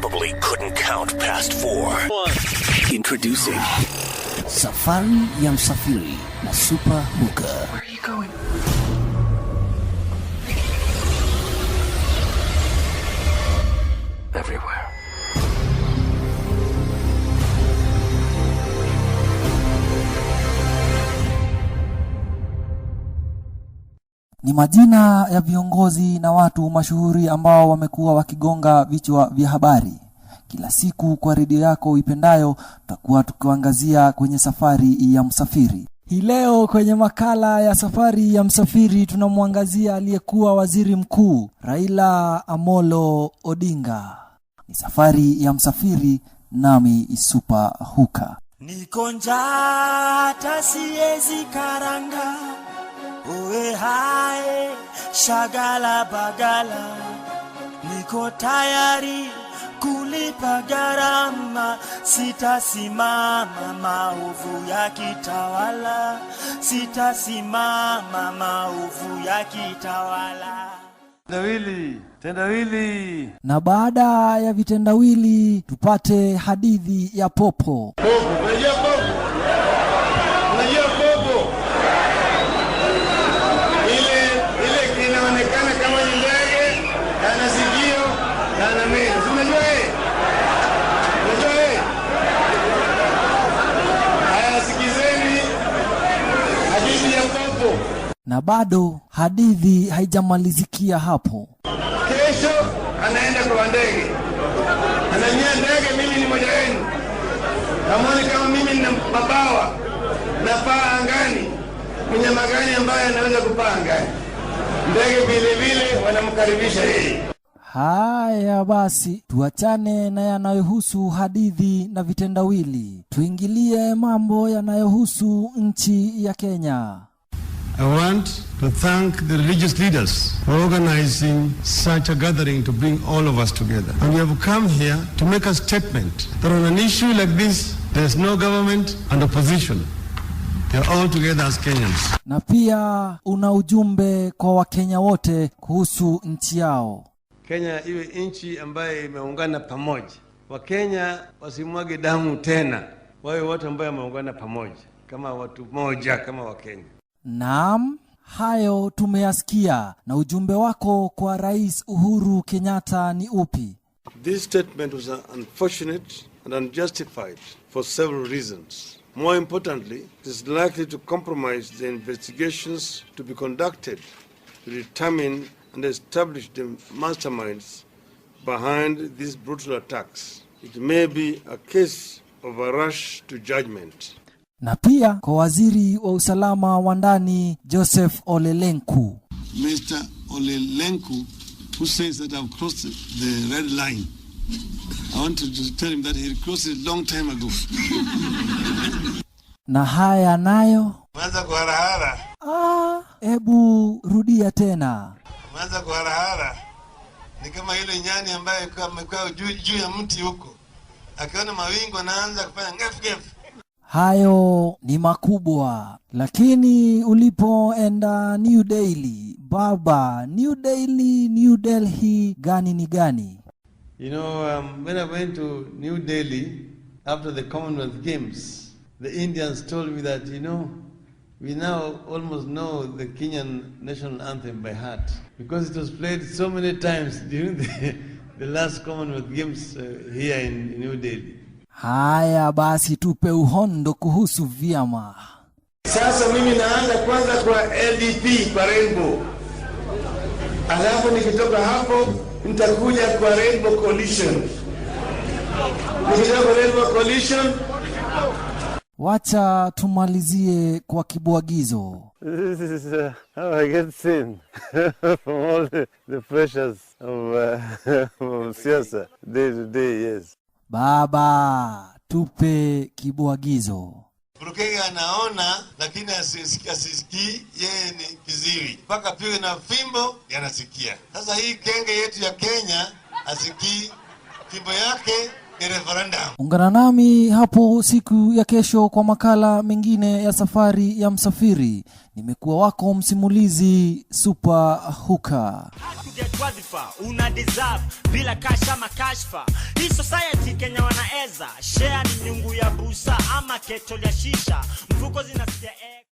probably couldn't count past four. One. Introducing Safari Yamsafiri na Super Hookah. Where are you going? Everywhere. ni majina ya viongozi na watu mashuhuri ambao wamekuwa wakigonga vichwa vya habari kila siku kwa redio yako ipendayo. Tutakuwa tukiangazia kwenye safari ya msafiri. Hii leo kwenye makala ya safari ya msafiri tunamwangazia aliyekuwa waziri mkuu Raila Amolo Odinga. Ni safari ya msafiri, nami Isupa Huka. Niko njaa, siwezi karanga shagala bagala, niko tayari kulipa gharama, sitasimama maovu ya kitawala, sitasimama maovu ya kitawala. Tendawili, tendawili. Na baada ya vitendawili tupate hadithi ya popo, popo na bado hadithi haijamalizikia hapo. Kesho anaenda kwa ndege, ananyia ndege, mimi ni moja wenu, namwoni kama mimi nina mabawa na paa angani. Mnyama gani ambaye anaweza kupaa angani? Ndege vilevile wanamkaribisha yeye. Haya basi, tuachane na yanayohusu hadithi na vitendawili, tuingilie mambo yanayohusu nchi ya Kenya. I want to thank the religious leaders for organizing such a gathering to bring all of us together. And we have come here to make a statement that on an issue like this, there's no government and opposition. They're all together as Kenyans. Na pia una ujumbe kwa Wakenya wote kuhusu nchi yao. Kenya iwe nchi ambayo imeungana pamoja. Wakenya wasimwage damu tena, wawe watu ambayo wameungana pamoja kama watu moja, kama Wakenya. Naam, hayo tumeyasikia. Na ujumbe wako kwa Rais Uhuru Kenyatta ni upi? This statement was unfortunate and unjustified for several reasons. More importantly, it is likely to compromise the investigations to be conducted to determine and establish the masterminds behind these brutal attacks. It may be a case of a rush to judgment na pia kwa waziri wa usalama wa ndani Joseph Olelenku. Mr. Olelenku who says that I've crossed the red line. I want to tell him that he crossed it long time ago. na haya nayo Mwanza kwa harahara. Ah, ebu rudia tena. Mwanza kwa harahara. ni kama ile nyani ambayo amekaa juu ya mti huko, akiona mawingu anaanza kufanya ngafu ngafu hayo ni makubwa, lakini ulipoenda New daily baba, New daily New Delhi gani ni gani? You know, um, when I went to New Delhi after the Commonwealth Games, the Indians told me that, you know, we now almost know the Kenyan national anthem by heart because it was played so many times during the, the last Commonwealth Games uh, here in, in New Delhi. Haya basi, tupe uhondo kuhusu vyama sasa. Mimi naanza kwanza kwa LDP kwa Rainbow, alafu nikitoka hapo nitakuja kwa Rainbow Coalition, nikitoka kwa Rainbow Coalition. Wacha tumalizie kwa kibwagizo. Baba, tupe kibwagizo. Burukenge anaona lakini asisikii, yeye ni kiziwi, mpaka piwe na fimbo yanasikia. Sasa hii kenge yetu ya Kenya asikii fimbo yake Ungana nami hapo siku ya kesho kwa makala mengine ya Safari ya Msafiri. Nimekuwa wako msimulizi Super Huka. bila Hii Kenya wanaeza ni nyungu ya busa ama keto shisha mfuko zinasikia